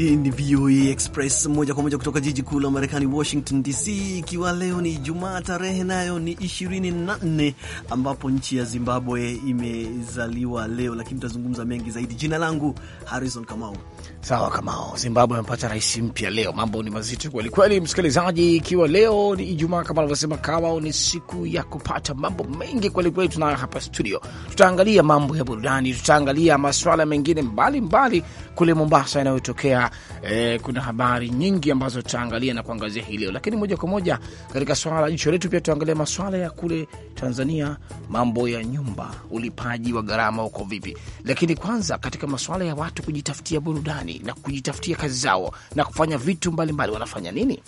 Hii ni VOA e Express moja kwa moja kutoka jiji kuu la Marekani, Washington DC, ikiwa leo ni jumaa tarehe nayo ni 24, ambapo nchi ya Zimbabwe imezaliwa leo, lakini tutazungumza mengi zaidi. Jina langu Harrison Kamau. Sawa Kamau, Zimbabwe amepata rais mpya leo. Mambo ni mazito kwelikweli, msikilizaji, ikiwa leo ni Ijumaa kama anavyosema Kamau, ni siku ya kupata mambo mengi kwelikweli. Tunayo hapa studio, tutaangalia mambo ya burudani, tutaangalia maswala mengine mbalimbali mbali kule Mombasa yanayotokea E, kuna habari nyingi ambazo tutaangalia na kuangazia hii leo, lakini moja kwa moja katika swala la jicho letu pia tutaangalia maswala ya kule Tanzania, mambo ya nyumba, ulipaji wa gharama uko vipi. Lakini kwanza katika maswala ya watu kujitafutia burudani na kujitafutia kazi zao na kufanya vitu mbalimbali mbali, wanafanya nini?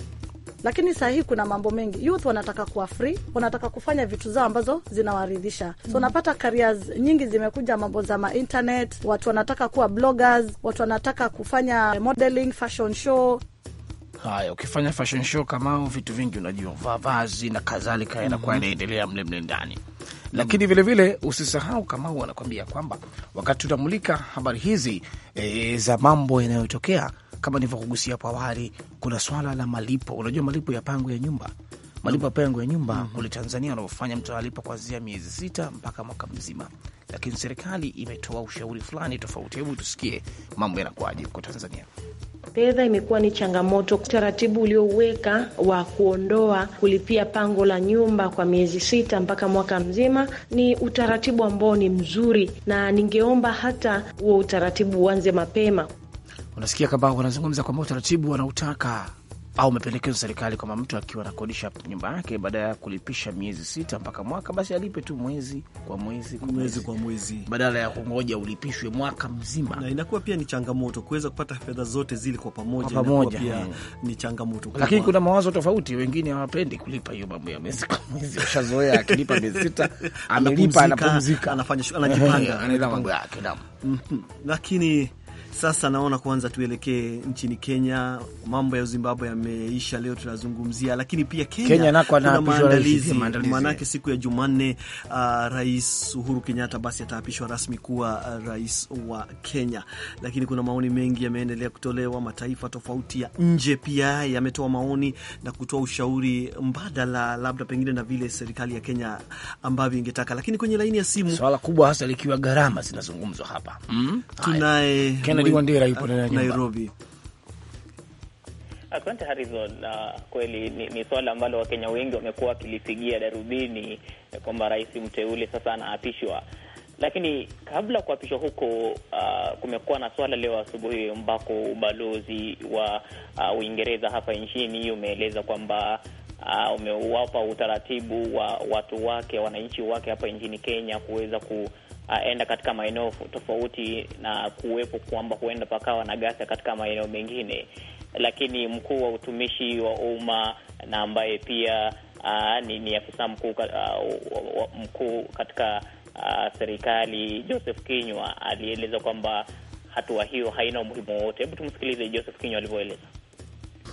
lakini saa hii kuna mambo mengi youth wanataka kuwa free, wanataka kufanya vitu zao ambazo zinawaridhisha. So mm. unapata careers nyingi zimekuja, mambo za ma internet, watu wanataka kuwa bloggers, watu wanataka kufanya modeling, fashion show Haya, ukifanya fashion show kamao, vitu vingi unajua, vavazi na kadhalika yanakuwa inaendelea mm-hmm. mle mle ndani, lakini vilevile vile, usisahau kama anakuambia kwamba wakati tunamulika habari hizi e, za mambo yanayotokea kama nilivyokugusia hapo awali, kuna swala la malipo. Unajua malipo ya pango ya nyumba malipo ya pango ya nyumba mm -hmm. Kule Tanzania wanaofanya mtu analipa kuanzia miezi sita mpaka mwaka mzima, lakini serikali imetoa ushauri fulani tofauti. Hebu tusikie mambo yanakuwaje huko Tanzania. Fedha imekuwa ni changamoto. Utaratibu ulioweka wa kuondoa kulipia pango la nyumba kwa miezi sita mpaka mwaka mzima ni utaratibu ambao ni mzuri, na ningeomba hata huo utaratibu uanze mapema unasikia kwamba wanazungumza kwamba utaratibu wanautaka au mapendekezo serikali kwamba mtu akiwa anakodisha nyumba yake baada ya kulipisha miezi sita mpaka mwaka, basi alipe tu mwezi kwa mwezi kwa mwezi kwa mwezi badala ya kungoja ulipishwe mwaka mzima. Na inakuwa pia ni changamoto kuweza kupata fedha zote zile kwa pamoja, kwa pamoja pia eh. ni changamoto kubwa. Lakini kuna mawazo tofauti, wengine hawapendi kulipa hiyo mambo ya mwezi kwa mwezi, ushazoea akilipa miezi sita amelipa, anapumzika, anafanya anajipanga, anaenda mambo yake, lakini sasa naona kwanza tuelekee nchini Kenya. Mambo ya Zimbabwe yameisha, leo tunazungumzia, lakini pia Kenya maandalizi, maanake siku ya Jumanne uh, Rais Uhuru Kenyatta basi ataapishwa rasmi kuwa uh, rais wa Kenya. Lakini kuna maoni mengi yameendelea kutolewa, mataifa tofauti ya nje pia yametoa maoni na kutoa ushauri mbadala, labda pengine na vile serikali ya Kenya ambavyo ingetaka. Lakini kwenye laini ya simu, swala kubwa hasa likiwa gharama zinazungumzwa hapa, hmm? tunaye Kennedy Wandera yupo Nairobi. Asante Harrison. Uh, kweli ni, ni swala ambalo Wakenya wengi wamekuwa wakilipigia darubini kwamba rais mteule sasa anaapishwa, lakini kabla kuapishwa huko, uh, kumekuwa na swala leo asubuhi ambako ubalozi wa uh, Uingereza hapa nchini umeeleza kwamba uh, umewapa utaratibu wa watu wake wananchi wake hapa nchini Kenya kuweza ku aenda katika maeneo tofauti na kuwepo kwamba huenda pakawa na ghasia katika maeneo mengine, lakini mkuu wa utumishi wa umma na ambaye pia uh, ni, ni afisa mkuu mkuu katika uh, serikali Joseph Kinywa alieleza kwamba hatua hiyo haina umuhimu wowote. Hebu tumsikilize Joseph Kinywa alivyoeleza.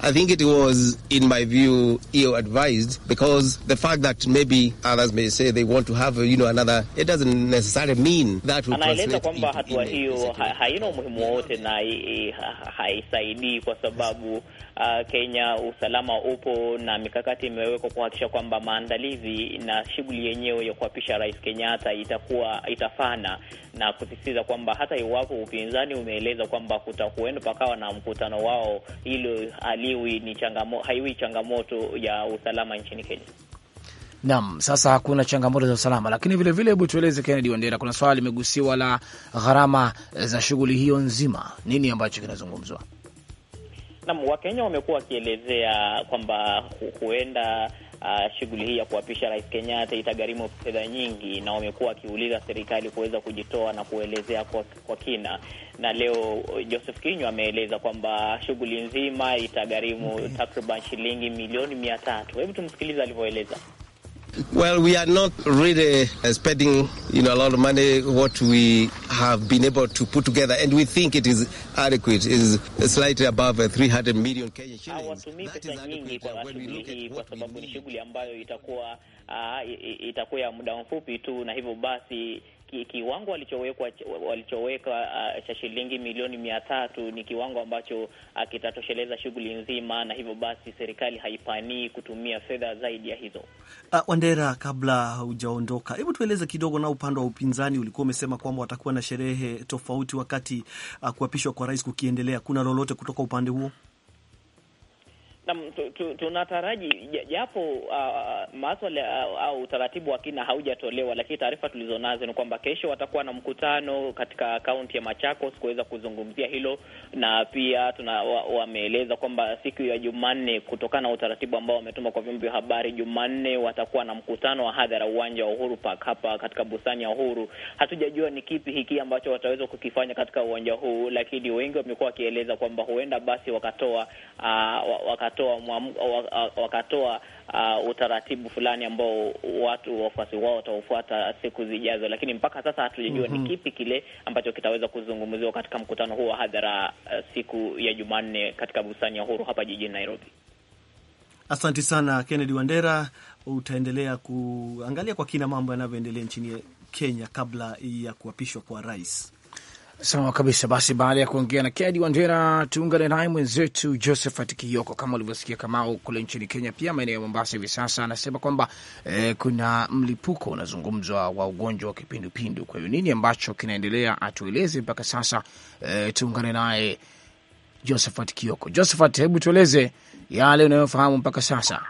I think it was, in my view, ill advised because the fact that maybe others may say they want to have, you know, another, it doesn't necessarily mean that will anaeleza kwamba hatua hiyo haina umuhimu wowote na eh, haisaidii kwa sababu uh, Kenya usalama upo na mikakati imewekwa kuhakikisha kwamba maandalizi na shughuli yenyewe ya kuapisha Rais Kenyatta itakuwa itafana, na kusisitiza kwamba hata iwapo upinzani umeeleza kwamba kutakuenda pakawa na mkutano wao, hilo haliwi ni changamo, haiwi changamoto ya usalama nchini Kenya. Naam, sasa hakuna changamoto za usalama, lakini vilevile, hebu tueleze Kennedy Wandera, kuna swala limegusiwa la gharama za shughuli hiyo nzima, nini ambacho kinazungumzwa? Naam, Wakenya wamekuwa wakielezea kwamba huenda Uh, shughuli hii ya kuapisha Rais Kenyatta itagharimu fedha nyingi, na wamekuwa wakiuliza serikali kuweza kujitoa na kuelezea kwa, kwa kina. Na leo Joseph Kinywa ameeleza kwamba shughuli nzima itagharimu okay, takriban shilingi milioni mia tatu. Hebu tumsikilize alivyoeleza. Well, we are not really uh, spending, you know, a lot of money. What we have been able to put together and we think it is adequate is slightly above 300 uh, million Kenya shillings. Hawatumii pesa nyingi kwa shughuli hii kwa sababu ni shughuli ambayo itakuwa uh, itakuwa ya muda mfupi tu na hivyo basi kiwango walichowekwa walichoweka uh, cha shilingi milioni mia tatu ni kiwango ambacho uh, kitatosheleza shughuli nzima, na hivyo basi serikali haipanii kutumia fedha zaidi ya hizo. Uh, Wandera, kabla hujaondoka, hebu tueleze kidogo, na upande wa upinzani ulikuwa umesema kwamba watakuwa na sherehe tofauti wakati uh, kuapishwa kwa rais kukiendelea. Kuna lolote kutoka upande huo? tunataraji japo uh, maswala au utaratibu wa kina haujatolewa, lakini taarifa tulizonazo ni kwamba kesho watakuwa na mkutano katika kaunti ya Machakos kuweza kuzungumzia hilo, na pia tuna wameeleza wa kwamba siku ya Jumanne, kutokana na utaratibu ambao wametuma kwa vyombo vya habari, Jumanne watakuwa na mkutano wa hadhara uwanja wa Uhuru Park hapa katika bustani ya Uhuru. Hatujajua ni kipi hiki ambacho wataweza kukifanya katika uwanja huu, lakini wengi wamekuwa wakieleza kwamba huenda basi wakatoa uh, wakato wakatoa wakatoa uh, utaratibu fulani ambao watu wafuasi wao wataufuata siku zijazo, lakini mpaka sasa hatujajua mm -hmm. ni mhm. kipi kile ambacho kitaweza kuzungumziwa katika mkutano huo wa hadhara uh, siku ya Jumanne katika bustani ya Uhuru hapa jijini Nairobi. asante sana Kennedy Wandera, utaendelea kuangalia kwa kina mambo yanavyoendelea nchini Kenya kabla ya kuapishwa kwa rais. Sawa kabisa. Basi baada ya kuongea na kedi Wandera, tuungane naye mwenzetu Josephat Kioko. Kama ulivyosikia Kamau, kule nchini Kenya pia maeneo ya Mombasa hivi sasa anasema kwamba eh, kuna mlipuko unazungumzwa wa ugonjwa wa kipindupindu. Kwa hiyo nini ambacho kinaendelea atueleze mpaka sasa. Eh, tuungane naye Josephat Kioko. Josephat, hebu tueleze yale unayofahamu mpaka sasa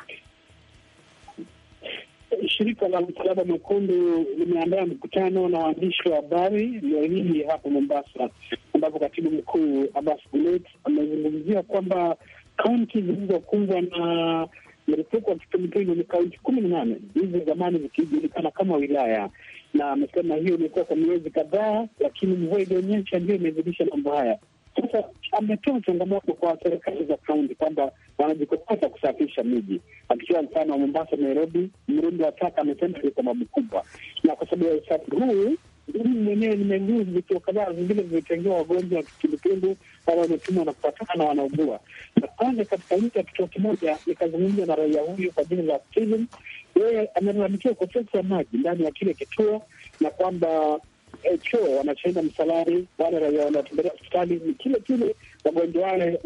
shirika la Msalaba Mwekundu limeandaa mkutano na waandishi wa habari leo hii hapo Mombasa, ambapo katibu mkuu Abbas Gulet amezungumzia kwamba kaunti zilizokumbwa na marufuku wa kipindupindu ni kaunti kumi na nane hizi zamani zikijulikana kama wilaya, na amesema hiyo imekuwa kwa miezi kadhaa, lakini mvua ilionyesha ndio imezidisha mambo haya. Sasa ametoa changamoto kwa serikali za kaunti kwamba wanajikokota kusafisha miji, akichia mfano wa Mombasa, Nairobi, mrundo wa taka amesema ni sababu kubwa, na kwa sababu ya usafi huu mimi mwenyewe nimeguu vituo kadhaa vingine vimetengewa wagonjwa wa kipindupindu wale wametumwa na kupatana na wanaugua. Na kwanza katika nchi ya kituo kimoja nikazungumza na raia huyu kwa jina la Steven, yeye amelalamikia ukosefu wa maji ndani ya kile kituo, na kwamba Eh, choo wanashinda msalari, wale raia wanaotembelea hospitali ni kile kile wagonjwa wale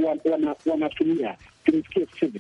wanatumia. Tumsikie Steve.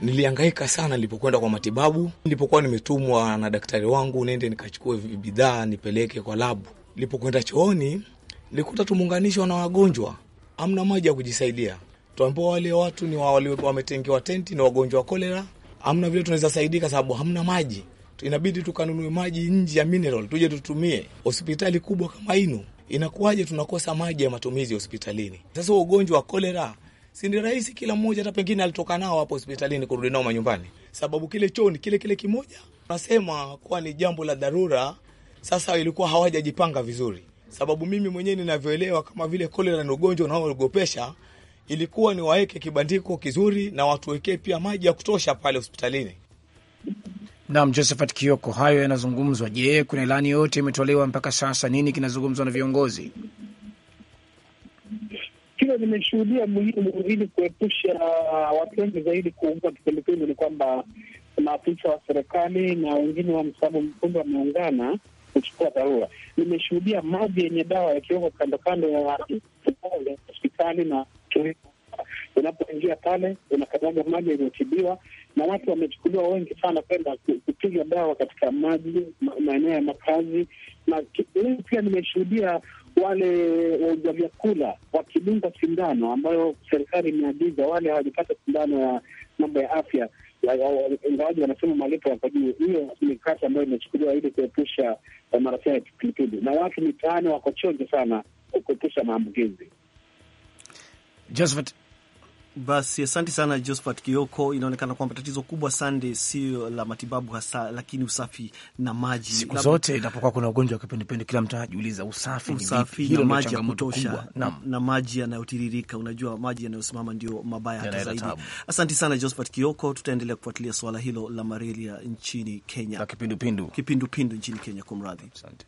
Niliangaika sana nilipokwenda kwa matibabu, nilipokuwa nimetumwa na daktari wangu nende nikachukue bidhaa nipeleke kwa labu. Nilipokwenda chooni nilikuta tumeunganishwa na wagonjwa, amna maji ya kujisaidia. Tuambiwa wale watu ni wametengewa tenti, ni wagonjwa wa kolera, amna vile tunaweza saidika sababu hamna maji inabidi tukanunue maji nje ya mineral tuje tutumie. Hospitali kubwa kama inu, inakuwaje tunakosa maji ya matumizi hospitalini? Sasa ugonjwa wa kolera si ni rahisi, kila mmoja hata pengine alitoka nao hapo hospitalini kurudi nao manyumbani, sababu kile chooni kile kile kimoja. Nasema kuwa ni jambo la dharura. Sasa ilikuwa hawajajipanga vizuri, sababu mimi mwenyewe ninavyoelewa kama vile kolera ni ugonjwa unaoogopesha ilikuwa ni waweke kibandiko kizuri na watuwekee pia maji ya kutosha pale hospitalini nam Josephat Kioko, hayo yanazungumzwa. Je, kuna ilani yoyote imetolewa mpaka sasa? Nini kinazungumzwa na viongozi? Kile nimeshuhudia muhimu ili kuepusha watu wengi zaidi kuungua kipindupindu ni kwamba maafisa wa serikali na wengine wa msabu mkundu wameungana kuchukua dharura. Nimeshuhudia maji yenye dawa yakiwekwa kando kando ya hospitali na shirika Unapoingia pale unakanyaga maji yaliyotibiwa, na watu wamechukuliwa wengi sana kwenda kupiga dawa katika maji, maeneo ya makazi. Na leo pia nimeshuhudia wale wauza vyakula wakidunga sindano ambayo serikali imeagiza, wale hawajapata sindano ya mambo ya afya ingawaji wanasema malipo yako juu. Hiyo ni kati ambayo imechukuliwa ili kuepusha eh, marasia ya kipilipili, na watu mitaani wako chonjo sana kuepusha maambukizi. Josephat basi asante sana Josphat Kioko. Inaonekana kwamba tatizo kubwa sande sio la matibabu hasa, lakini usafi na maji. Siku zote inapokuwa kuna ugonjwa wa kipindupindu, kila mtu anajiuliza usafi, usafi na maji ya kutosha na, na maji yanayotiririka. Unajua, maji yanayosimama ndio mabaya hata zaidi. Asante sana Josphat Kioko, tutaendelea kufuatilia suala hilo la malaria nchini Kenya, kipindupindu, kipindupindu nchini Kenya. Kumradhi, asante.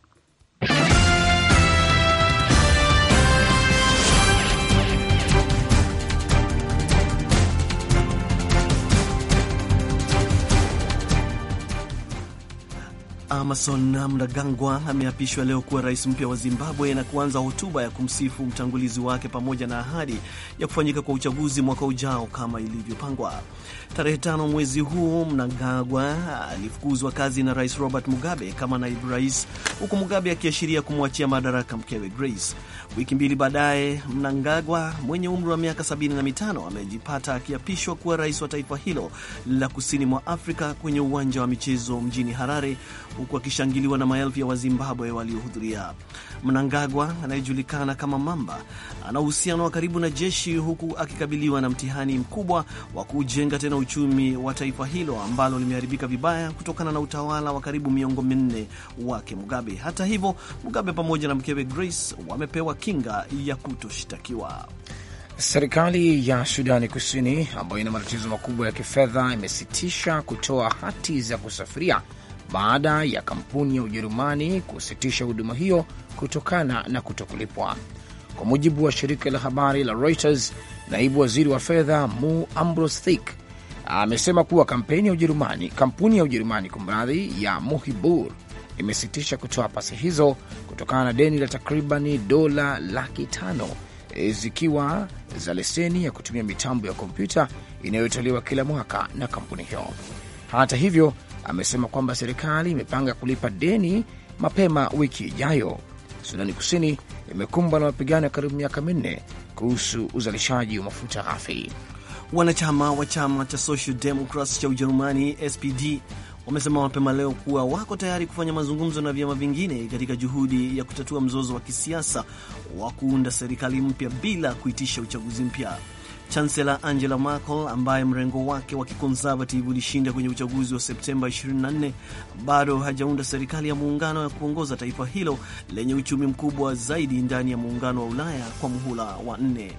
Amason Mnangagwa ameapishwa leo kuwa rais mpya wa Zimbabwe na kuanza hotuba ya kumsifu mtangulizi wake pamoja na ahadi ya kufanyika kwa uchaguzi mwaka ujao kama ilivyopangwa. Tarehe tano mwezi huu, Mnangagwa alifukuzwa kazi na Rais Robert Mugabe kama naibu rais, huku Mugabe akiashiria kumwachia madaraka mkewe Grace. Wiki mbili baadaye, Mnangagwa mwenye umri wa miaka 75 amejipata akiapishwa kuwa rais wa taifa hilo la kusini mwa Afrika kwenye uwanja wa michezo mjini Harare huku akishangiliwa na maelfu ya Wazimbabwe waliohudhuria. Mnangagwa anayejulikana kama Mamba ana uhusiano wa karibu na jeshi, huku akikabiliwa na mtihani mkubwa wa kujenga tena uchumi wa taifa hilo ambalo limeharibika vibaya kutokana na utawala wa karibu miongo minne wake Mugabe. Hata hivyo, Mugabe pamoja na mkewe Grace wamepewa kinga ya kutoshtakiwa. Serikali ya Sudani Kusini ambayo ina matatizo makubwa ya kifedha imesitisha kutoa hati za kusafiria baada ya kampuni ya Ujerumani kusitisha huduma hiyo kutokana na kutokulipwa. Kwa mujibu wa shirika la habari la Reuters, naibu waziri wa fedha Mu Ambros Thik amesema kuwa kampeni ya Ujerumani, kampuni ya Ujerumani kumradhi, ya Muhibur imesitisha kutoa pasi hizo kutokana na deni la takribani dola laki tano zikiwa za leseni ya kutumia mitambo ya kompyuta inayotolewa kila mwaka na kampuni hiyo. Hata hivyo, amesema kwamba serikali imepanga kulipa deni mapema wiki ijayo. Sudani Kusini imekumbwa na mapigano ya karibu miaka minne kuhusu uzalishaji wa mafuta ghafi. Wanachama wa chama cha Social Democrats cha Ujerumani SPD wamesema mapema leo kuwa wako tayari kufanya mazungumzo na vyama vingine katika juhudi ya kutatua mzozo wa kisiasa wa kuunda serikali mpya bila kuitisha uchaguzi mpya chancela Angela Merkel ambaye mrengo wake wa kiconservative ulishinda kwenye uchaguzi wa Septemba 24 bado hajaunda serikali ya muungano ya kuongoza taifa hilo lenye uchumi mkubwa zaidi ndani ya muungano wa Ulaya kwa muhula wa nne.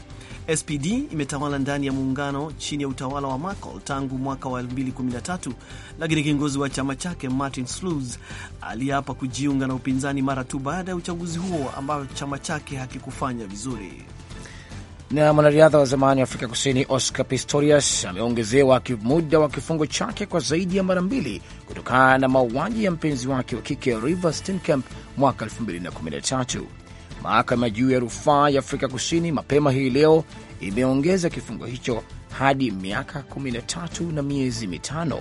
SPD imetawala ndani ya muungano chini ya utawala wa Merkel tangu mwaka wa 2013, lakini kiongozi wa chama chake Martin Schulz aliapa kujiunga na upinzani mara tu baada ya uchaguzi huo ambao chama chake hakikufanya vizuri. Na mwanariadha wa zamani wa Afrika Kusini Oscar Pistorius ameongezewa muda wa kifungo chake kwa zaidi ya mara mbili kutokana na mauaji ya mpenzi wake wa kike River Steenkamp mwaka 2013. Mahakama ya juu ya rufaa ya Afrika Kusini mapema hii leo imeongeza kifungo hicho hadi miaka 13 na miezi mitano.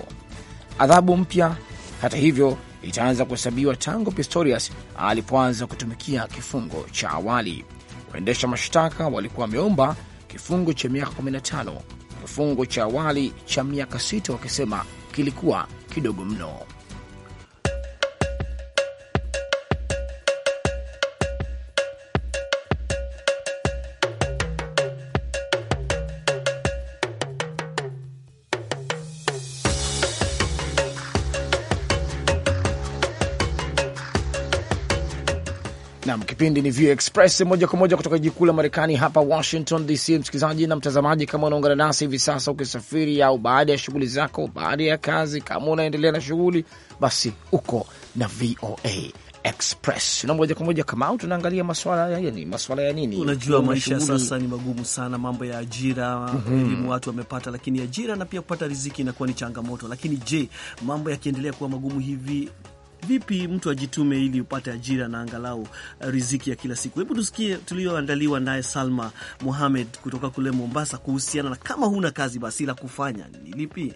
Adhabu mpya hata hivyo itaanza kuhesabiwa tangu Pistorius alipoanza kutumikia kifungo cha awali. Waendesha mashtaka walikuwa wameomba kifungo cha miaka 15, kifungo cha awali cha miaka 6 wakisema kilikuwa kidogo mno. Nam kipindi ni View Express moja kwa moja kutoka jiji kuu la Marekani hapa Washington DC. Msikilizaji na mtazamaji, kama unaungana nasi hivi sasa ukisafiri au baada ya shughuli zako, baada ya kazi, kama unaendelea na shughuli, basi uko na VOA Express na moja kwa moja kama tunaangalia maswala ya nini, maswala ya nini? Unajua maisha sasa ni magumu sana, mambo ya ajira, mhm. elimu mm -hmm. watu wamepata, lakini ajira na pia kupata riziki inakuwa ni changamoto. Lakini je, mambo yakiendelea kuwa magumu hivi vipi mtu ajitume ili upate ajira na angalau eh, riziki ya kila siku. Hebu tusikie tulioandaliwa naye Salma Mohamed kutoka kule Mombasa kuhusiana na kama huna kazi basi la kufanya ni lipi?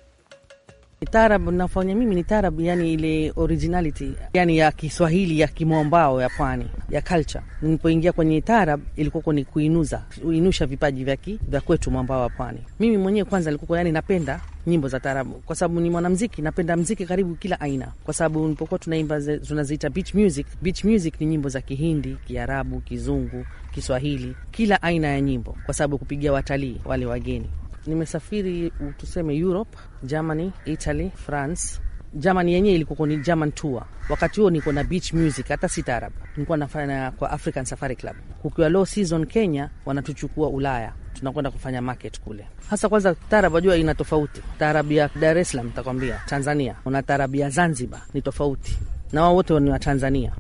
tarab nafanya mimi ni tarab, yani ile originality, yani ya Kiswahili ya kimwambao ya pwani ya culture. Nilipoingia kwenye tarab ilikuwa ni kuinuza kuinusha vipaji vya vya kwetu mwambao wa pwani. Mimi mwenyewe kwanza nilikuwa yani napenda nyimbo za taarabu kwa sababu ni mwanamziki, napenda mziki karibu kila aina, kwa sababu nilipokuwa tunaimba tunaziita beach music. Beach music ni nyimbo za Kihindi, Kiarabu, Kizungu, Kiswahili, kila aina ya nyimbo, kwa sababu kupigia watalii wale wageni Nimesafiri tuseme Europe, Germany, Italy, France. Germany yenyewe ilikuwa ni German tour. Wakati huo niko na beach music, hata si tarab, nilikuwa nafanya kwa African Safari Club. Kukiwa low season Kenya, wanatuchukua Ulaya tunakwenda kufanya market kule, hasa kwanza. tarab wajua ina tofauti. tarab ya Dar es Salaam takwambia Tanzania, una tarab ya Zanzibar ni tofauti, na wao wote ni wa Tanzania.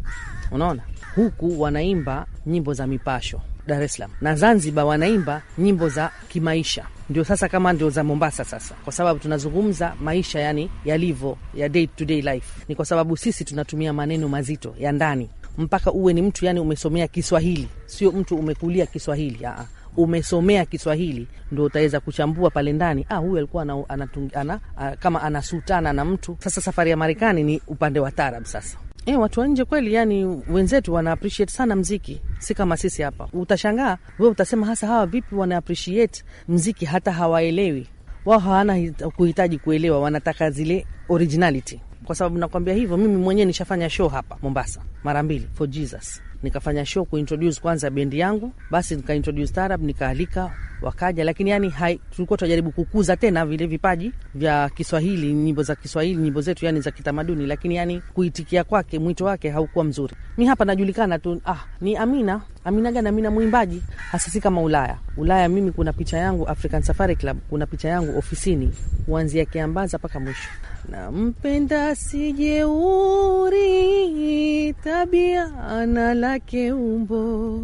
Unaona, huku wanaimba nyimbo za mipasho Dar es Salaam na Zanzibar wanaimba nyimbo za kimaisha, ndio sasa kama ndio za Mombasa sasa, kwa sababu tunazungumza maisha yani yalivyo ya day to day life. Ni kwa sababu sisi tunatumia maneno mazito ya ndani, mpaka uwe ni mtu yani umesomea Kiswahili, sio mtu umekulia Kiswahili aa umesomea Kiswahili ndo utaweza kuchambua pale ndani. Ah, huyu alikuwa ana, ana, ana, kama anasutana na mtu. Sasa safari ya Marekani ni upande wa tarab sasa E, watu wa nje kweli, yani wenzetu wana appreciate sana mziki, si kama sisi hapa. Utashangaa we, utasema hasa hawa vipi wana appreciate mziki, hata hawaelewi wao, hawana kuhitaji kuelewa, wanataka zile originality. Kwa sababu nakwambia hivyo, mimi mwenyewe nishafanya show hapa Mombasa mara mbili for Jesus nikafanya show kuintroduce kwanza bendi yangu, basi nikaintroduce tarab, nikaalika wakaja, lakini yani hai, tulikuwa tunajaribu kukuza tena vile vipaji vya Kiswahili, nyimbo za Kiswahili, nyimbo zetu yani za kitamaduni, lakini yani kuitikia kwake, mwito wake haukuwa mzuri. Mi hapa najulikana tu, ah, ni Amina Amina gani? Amina mwimbaji hasa, si kama Ulaya. Ulaya mimi kuna picha yangu African Safari Club, kuna picha yangu ofisini kuanzia Kiambaza mpaka mwisho. Nampenda sijeuri tabia nala lake umbo,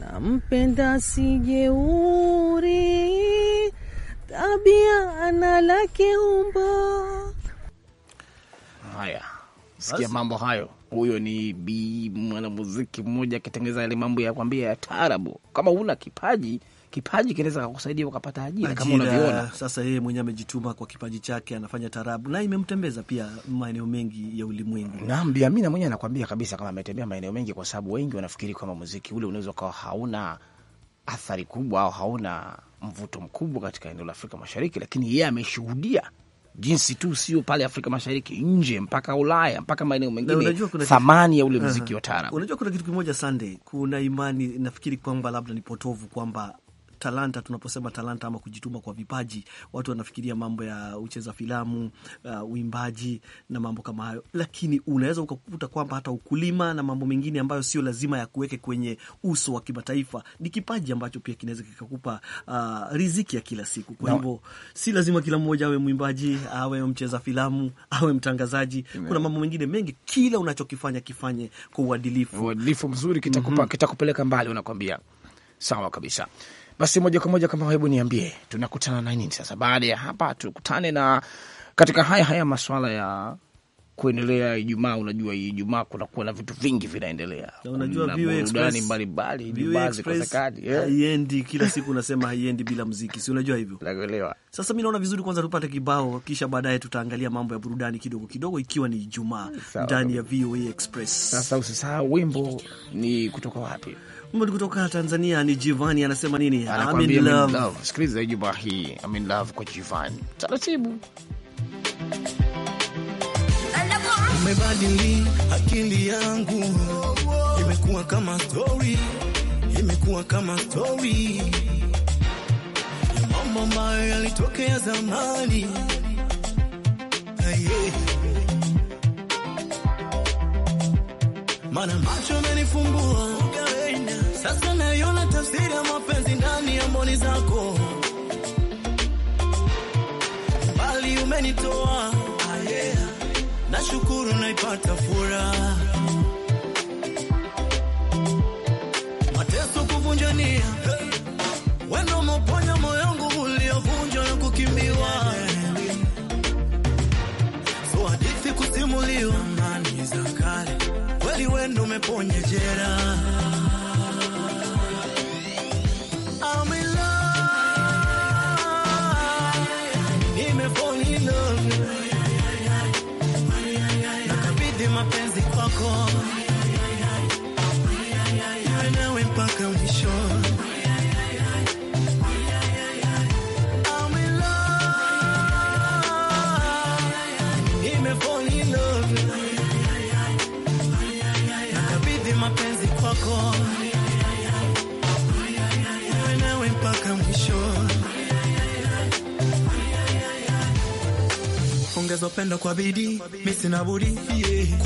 nampenda sijeuri, tabia ana lake umbo. Haya, sikia mambo hayo. Huyo ni bi mwanamuziki mmoja akitengeneza yale mambo ya kwambia ya tarabu. Kama huna kipaji kipaji kinaweza kukusaidia ukapata ajira kama unavyoona sasa. Yeye mwenyewe amejituma kwa kipaji chake, anafanya tarabu na imemtembeza pia maeneo mengi ya ulimwengu. Naam, Bi Amina mwenyewe anakuambia kabisa kama ametembea maeneo mengi, kwa sababu wengi wanafikiri kwamba muziki ule unaweza ukawa hauna athari kubwa au hauna mvuto mkubwa katika eneo la Afrika Mashariki, lakini yeye ameshuhudia jinsi tu, sio pale Afrika Mashariki, nje mpaka Ulaya, mpaka maeneo mengine, thamani ya ule muziki wa taarab. Unajua, kuna kitu kimoja Sunday, kuna imani nafikiri kwamba labda ni potovu kwamba talanta. Tunaposema talanta ama kujituma kwa vipaji, watu wanafikiria mambo ya ucheza filamu, uh, uimbaji na mambo kama hayo, lakini unaweza ukakuta kwamba hata ukulima na mambo mengine ambayo sio lazima ya kuweke kwenye uso wa kimataifa ni kipaji ambacho pia kinaweza kikakupa uh, riziki ya kila siku. Kwa hivyo no. si lazima kila mmoja awe mwimbaji, awe mcheza filamu, awe mtangazaji. Amen. Kuna mambo mengine mengi, kila unachokifanya kifanye kwa uadilifu, uadilifu mzuri, kitakupa, mm -hmm. kitakupeleka mbali, unakwambia. Sawa kabisa. Basi moja kwa moja kama, hebu niambie, tunakutana na nini sasa? Baada ya hapa, tukutane na katika haya haya masuala ya kuendelea Ijumaa. Unajua Ijumaa kunakuwa na vitu vingi vinaendelea, unajua burudani mbalimbali, Ijumaa eh. haiendi kila siku, unasema haiendi bila muziki, si unajua hivyo. Naelewa. Sasa mi naona vizuri, kwanza tupate kibao, kisha baadaye tutaangalia mambo ya burudani kidogo kidogo, ikiwa ni Ijumaa ndani ya VOA Express. Sasa usisahau wimbo ni kutoka wapi? Mbona kutoka Tanzania ni Jivani anasema nini? I'm in love. Love. Sikiliza Ijumaa hii I'm in love kwa Jivani. Taratibu. Umebadili akili yangu. Imekuwa kama story. Imekuwa kama story. Mambo ambayo yalitokea zamani. Hey. Mana macho amenifumbua sasa, naiona tafsiri ya mapenzi ndani ya mboni zako, bali umenitoa na shukuru, Nashukuru naipata furaha, mateso kuvunjania umeponyejera nimefoni nakabidhi mapenzi kwako kuongeza pendo kwa bidii, mimi sina budi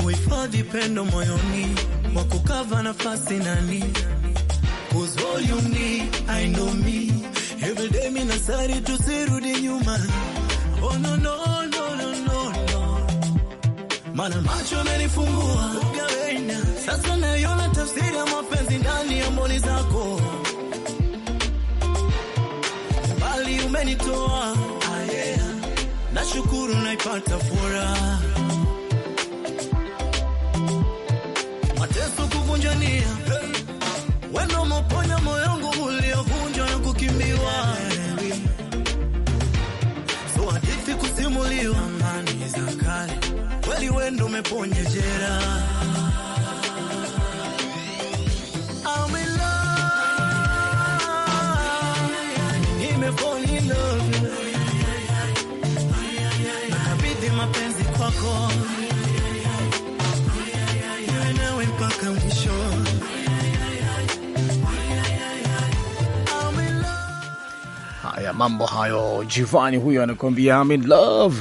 kuhifadhi pendo moyoni, wa kukava nafasi nani minasari, tusirudi nyuma, oh no no no no no, no. mana macho amenifungua sasa, naiona tafsiri ya mapenzi ndani ya mboni zako, bali umenitoa shukuru naipata furaha, mateso kuvunjania wendo moponya moyongu uliovunjwa na kukimbiwa, so hadithi kusimuliwa, amani za kale kweli, wendo meponyejera jeraha mambo hayo. Jivani huyo anakuambia I'm in love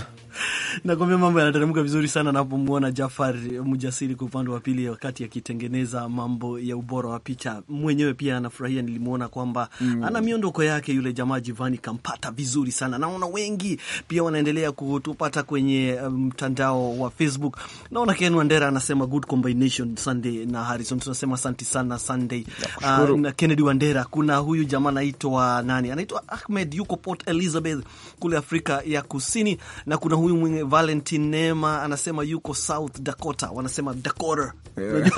Nakwambia mambo yanateremka vizuri sana napomwona Jafar Mjasiri kwa upande wa pili, wakati akitengeneza mambo ya ubora wa picha. Mwenyewe pia anafurahia, nilimwona kwamba mm. ana miondoko yake yule jamaa Jivani kampata vizuri sana. Naona wengi pia wanaendelea kutupata kwenye um, mtandao um, wa Facebook. Naona Ken Wandera anasema good combination Sunday na Harrison, tunasema asante sana Sunday uh, na Kennedy Wandera. Kuna huyu jamaa anaitwa nani, anaitwa Ahmed, yuko Port Elizabeth kule Afrika ya Kusini, na kuna huyu mwingine Valentin Nema anasema yuko South Dakota, wanasema Dakota yeah.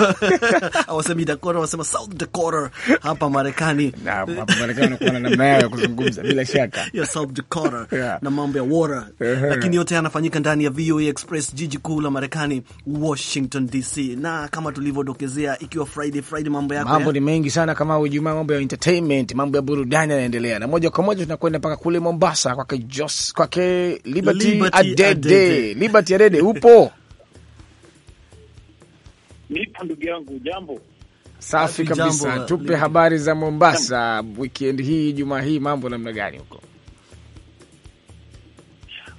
awasemi Dakota, wanasema South Dakota hapa Marekani ya South Dakota yeah. na mambo ya water, uh-huh. lakini yote yanafanyika ndani ya VOA Express, jiji kuu la Marekani, Washington DC. Na kama tulivyodokezea, ikiwa Friday Friday, mambo yako mambo ni mengi sana, kama Ijumaa mambo ya entertainment, mambo ya burudani yanaendelea, na moja kwa moja tunakwenda mpaka kule Mombasa kwake Jos kwake Liberty Liberty Adede Liberty Adede, upo? Nipo ndugu yangu, jambo. Safi kabisa, tupe habari za Mombasa weekend hii, juma hii, mambo namna gani huko?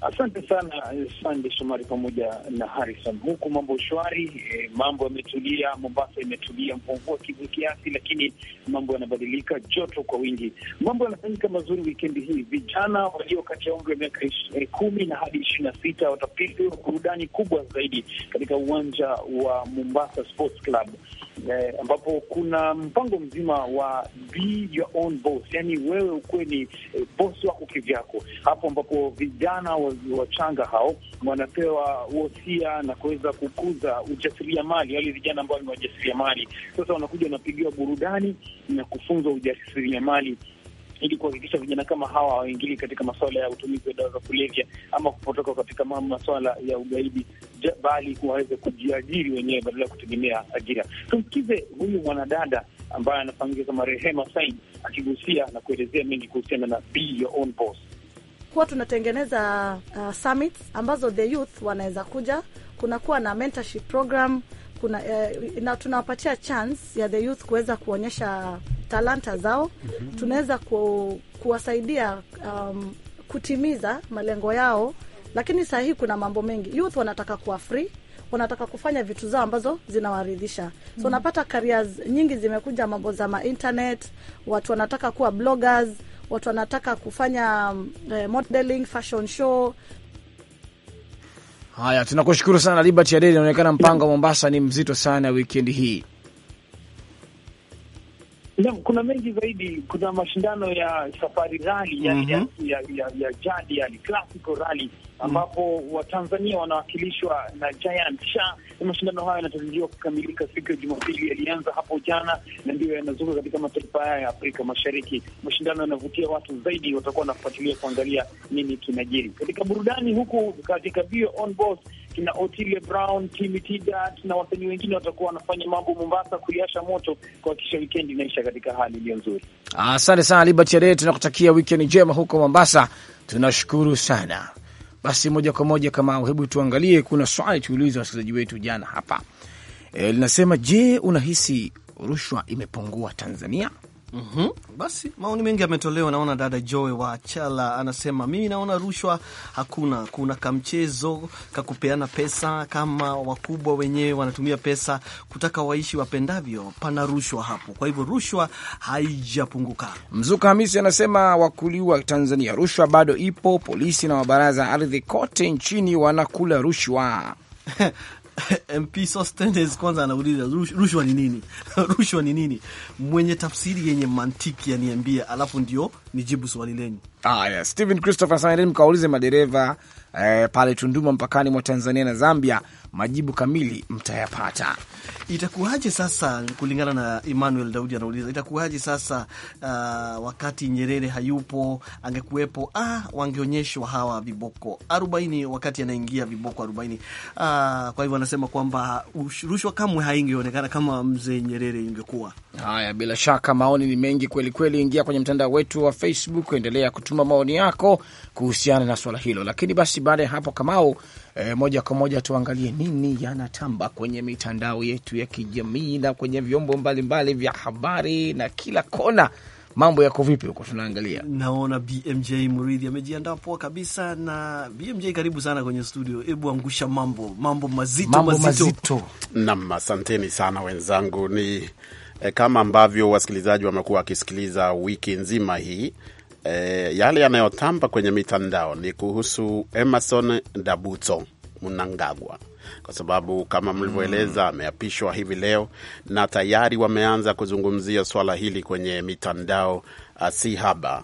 Asante sana eh, Sande Shomari pamoja na Harrison. Huku mambo shwari, eh, mambo yametulia. Mombasa imetulia, mvua kivu kiasi, lakini mambo yanabadilika, joto kwa wingi. Mambo yanafanyika mazuri wikendi hii. Vijana walio kati ya umri wa miaka eh, kumi na hadi ishirini na sita watapigwa burudani kubwa zaidi katika uwanja wa Mombasa Sports Club eh, ambapo kuna mpango mzima wa be your own boss, yani wewe ukuwe ni eh, boss wako kivyako, hapo ambapo vijana wa wachanga hao wanapewa wosia na kuweza kukuza ujasiriamali, wale vijana ambao ni wajasiriamali. Sasa wanakuja wanapigiwa burudani na kufunzwa ujasiriamali ili kuhakikisha vijana kama hawa hawaingili katika masuala ya utumizi wa dawa za kulevya ama kupotoka katika masuala ya ugaidi, bali waweze kujiajiri wenyewe badala ya kutegemea ajira. Tumsikize huyu mwanadada ambaye anafahamika kama Rehema Sain akigusia na kuelezea mengi kuhusiana na Be Your Own Boss kuwa tunatengeneza uh, summits ambazo the youth wanaweza kuja. Kunakuwa na mentorship program kuna, uh, na tunawapatia chance ya the youth kuweza kuonyesha talanta zao mm -hmm. Tunaweza ku, kuwasaidia um, kutimiza malengo yao, lakini saa hii kuna mambo mengi youth wanataka kuwa free wanataka kufanya vitu zao ambazo zinawaridhisha. So mhm. unapata mm -hmm. careers nyingi zimekuja, mambo za ma internet, watu wanataka kuwa bloggers, watu wanataka kufanya uh, modeling, fashion show. Haya, tunakushukuru sana Liberty Adede. Inaonekana mpango wa Mombasa ni mzito sana wikendi hii. Naam, kuna mengi zaidi. Kuna mashindano ya safari rali ya, mm -hmm. ya, mhm. ya, ya, ya jadi yani classical rali mhm. ambapo mm -hmm. Watanzania wanawakilishwa na Giant Sha. Mashindano hayo yanatarajiwa kukamilika siku ya Jumapili, yalianza hapo jana na ndiyo yanazuka katika mataifa haya ya Afrika Mashariki. Mashindano yanavutia watu zaidi, watakuwa wanafuatilia kuangalia nini kinajiri katika burudani, huku katika Bio On Boss tuna Otile Brown, Timi Tida, tuna wasanii wengine watakuwa wanafanya mambo Mombasa kuliasha moto, kuhakikisha wikendi inaisha katika hali iliyo nzuri. Asante sana Libert Adede, tunakutakia wikendi njema huko Mombasa. Tunashukuru sana. Basi moja kwa moja, kama hebu tuangalie, kuna swali tuuliza wasikilizaji wetu jana hapa e, linasema je, unahisi rushwa imepungua Tanzania? Mm -hmm. Basi maoni mengi yametolewa. Naona dada Joe wa Chala anasema mimi naona rushwa hakuna, kuna kamchezo kakupeana pesa. Kama wakubwa wenyewe wanatumia pesa kutaka waishi wapendavyo, pana rushwa hapo. Kwa hivyo rushwa haijapunguka. Mzuka Hamisi anasema wakuliwa Tanzania, rushwa bado ipo, polisi na mabaraza ya ardhi kote nchini wanakula rushwa MP Sostenes kwanza anauliza rushwa ni nini? rushwa ni nini? Mwenye tafsiri yenye mantiki yaniambia, alafu ndio nijibu swali lenyu. Ah, yeah. Stephen Christopher, mkaulize madereva eh, pale Tunduma mpakani mwa Tanzania na Zambia majibu kamili mtayapata. Itakuwaje sasa, kulingana na Emmanuel Daudi anauliza, itakuwaje sasa uh, wakati Nyerere hayupo? Angekuwepo ah, wangeonyeshwa hawa viboko arobaini wakati anaingia viboko arobaini. Ah, kwa hivyo anasema kwamba rushwa kamwe haingeonekana kama mzee Nyerere ingekuwa haya. Bila shaka maoni ni mengi kweli kweli. Ingia kwenye mtandao wetu wa Facebook, endelea kutuma maoni yako kuhusiana na swala hilo. Lakini basi baada ya hapo Kamau E, moja kwa moja tuangalie nini yanatamba kwenye mitandao yetu ya kijamii na kwenye vyombo mbalimbali vya habari na kila kona. Mambo yako vipi huko? Tunaangalia, naona BMJ Mridhi amejiandaa poa kabisa. Na BMJ, karibu sana kwenye studio. Hebu angusha mambo, mambo mazito, mambo mazito, mazito. Nam, asanteni sana wenzangu. Ni eh, kama ambavyo wasikilizaji wamekuwa wakisikiliza wiki nzima hii e, yale yanayotamba kwenye mitandao ni kuhusu Emerson Dabuto Mnangagwa kwa sababu kama mlivyoeleza hmm. ameapishwa hivi leo na tayari wameanza kuzungumzia swala hili kwenye mitandao ah, si haba.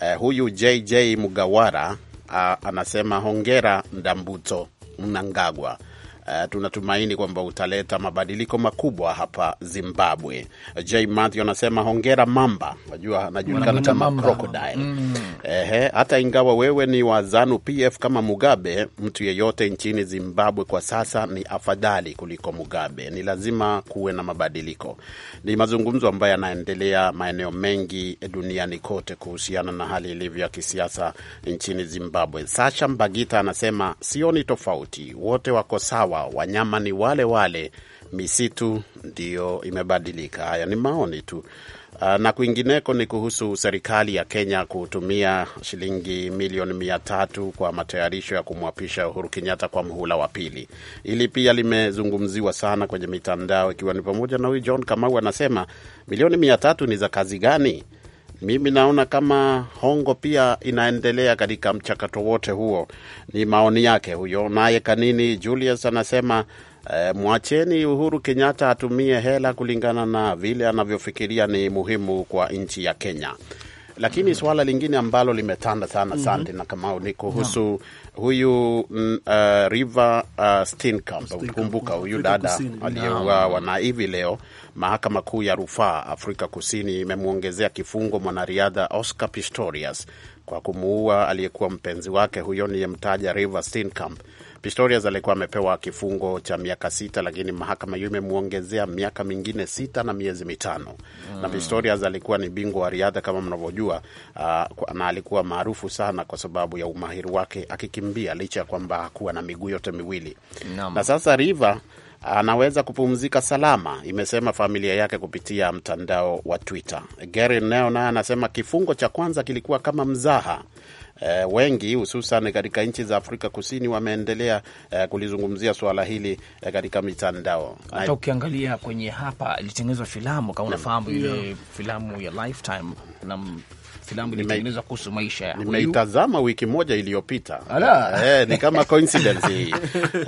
Uh, huyu JJ Mugawara uh, anasema hongera Ndambuto Mnangagwa uh, tunatumaini kwamba utaleta mabadiliko makubwa hapa Zimbabwe. J Mathew anasema hongera Mamba, najua anajulikana kama crocodile mm. Ehe, hata ingawa wewe ni wa Zanu PF kama Mugabe, mtu yeyote nchini Zimbabwe kwa sasa ni afadhali kuliko Mugabe. Ni lazima kuwe na mabadiliko. Ni mazungumzo ambayo yanaendelea maeneo mengi duniani kote kuhusiana na hali ilivyo ya kisiasa nchini Zimbabwe. Sasha Mbagita anasema sioni tofauti, wote wako sawa wao, wanyama ni wale wale, misitu ndiyo imebadilika. Haya ni maoni tu. Ah, na kwingineko ni kuhusu serikali ya Kenya kutumia shilingi milioni mia tatu kwa matayarisho ya kumwapisha Uhuru Kenyatta kwa mhula wa pili. Hili pia limezungumziwa sana kwenye mitandao, ikiwa ni pamoja na huyu John Kamau anasema milioni mia tatu ni za kazi gani? Mimi naona kama hongo pia inaendelea katika mchakato wote huo. Ni maoni yake huyo. Naye Kanini Julius anasema e, mwacheni Uhuru Kenyatta atumie hela kulingana na vile anavyofikiria ni muhimu kwa nchi ya Kenya. Lakini mm -hmm. Suala lingine ambalo limetanda sana mm -hmm. Sante na Kamau ni kuhusu yeah huyu mm, uh, River uh, Steenkamp, kumbuka huyu dada aliyeuawa. Na hivi leo mahakama kuu ya rufaa Afrika Kusini imemwongezea kifungo mwanariadha Oscar Pistorius kwa kumuua aliyekuwa mpenzi wake, huyo niyemtaja River Steenkamp Pistorius alikuwa amepewa kifungo cha miaka sita, lakini mahakama hiyo imemwongezea miaka mingine sita na miezi mitano mm. na Pistorius alikuwa ni bingwa wa riadha kama mnavyojua, uh, na alikuwa maarufu sana kwa sababu ya umahiri wake akikimbia, licha ya kwamba hakuwa na miguu yote miwili mm. na sasa Riva anaweza kupumzika salama, imesema familia yake kupitia mtandao wa Twitter. Gary Neo naye anasema kifungo cha kwanza kilikuwa kama mzaha eh, wengi hususan katika nchi za Afrika Kusini wameendelea eh, kulizungumzia suala hili eh, katika mitandao. Hata ukiangalia kwenye hapa ilitengenezwa filamu kama unafahamu ile yeah. filamu ya Lifetime na filamu ilitengenezwa kuhusu maisha ya nimeitazama wiki moja iliyopita. Eh, eh, ni kama coincidence hii.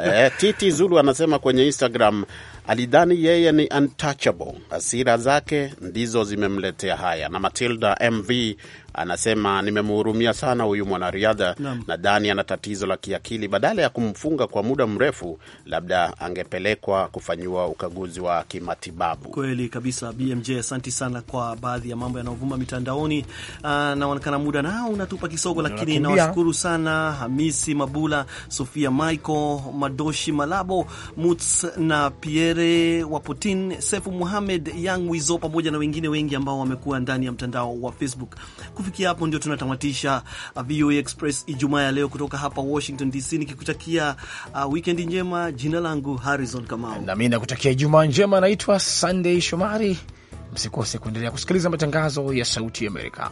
Eh, Titi Zulu anasema kwenye Instagram alidhani yeye ni untouchable, hasira zake ndizo zimemletea haya. Na Matilda MV anasema nimemhurumia sana huyu mwanariadha, nadhani ana tatizo la kiakili. Badala ya kumfunga kwa muda mrefu, labda angepelekwa kufanyiwa ukaguzi wa kimatibabu. Kweli kabisa, BMJ, asanti sana kwa baadhi ya mambo yanayovuma mitandaoni. Ah, naonekana muda nao unatupa kisogo, lakini nawashukuru sana Hamisi Mabula, Sofia Michael, Madoshi Malabo, Muts na Pierre Wapotin, Sefu Muhamed Yang Wizo pamoja na wengine wengi ambao wamekuwa ndani ya mtandao wa Facebook kufikia hapo ndio tunatamatisha uh, VOA Express Ijumaa ya leo kutoka hapa Washington DC, nikikutakia uh, weekend njema. Jina langu Harrison Kamau, mimi nakutakia Ijumaa njema. Naitwa Sunday Shomari. Msikose kuendelea kusikiliza matangazo ya Sauti ya Amerika.